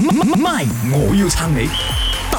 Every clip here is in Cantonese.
M，Y，我要撐你。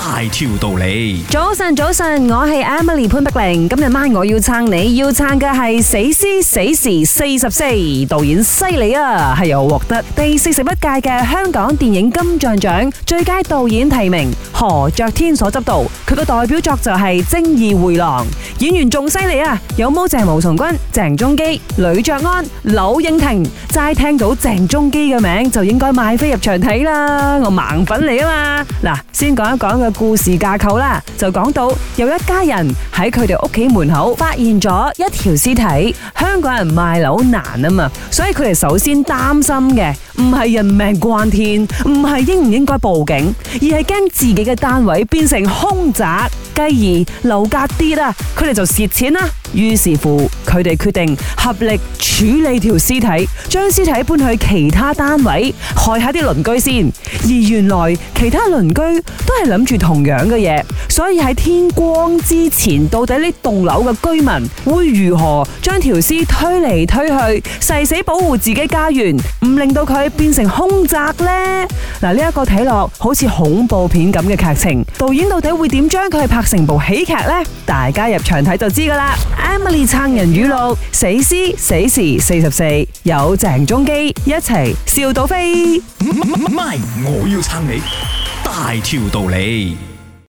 大條道理，早晨早晨，我係 Emily 潘碧玲，今日晚我要撐你，要撐嘅係《死屍死時四十四》，導演犀利啊，係由獲得第四十一屆嘅香港電影金像獎最佳導演提名，何爵天所執導，佢個代表作就係《正義回廊》，演員仲犀利啊，有毛鄭浩、松君、鄭中基、呂爵安、柳應廷，齋聽到鄭中基嘅名字就應該買飛入場睇啦，我盲粉你啊嘛，嗱，先講一講佢。故事架構啦，就講到有一家人喺佢哋屋企門口發現咗一條屍體。香港人賣樓難啊嘛，所以佢哋首先擔心嘅唔係人命關天，唔係應唔應該報警，而係驚自己嘅單位變成兇宅，繼而樓價跌啦，佢哋就蝕錢啦。於是乎。佢哋決定合力處理條屍體，將屍體搬去其他單位害一下啲鄰居先。而原來其他鄰居都係諗住同樣嘅嘢，所以喺天光之前，到底呢棟樓嘅居民會如何將條屍推嚟推去，誓死保護自己家園，唔令到佢變成凶宅咧？嗱，呢一個睇落好似恐怖片咁嘅劇情，導演到底會點將佢拍成部喜劇咧？大家入場睇就知噶啦。Emily 撐人員語六死屍死時四十四，有鄭中基一齊笑到飛。唔係，嗯嗯嗯，我要撐你大條道理。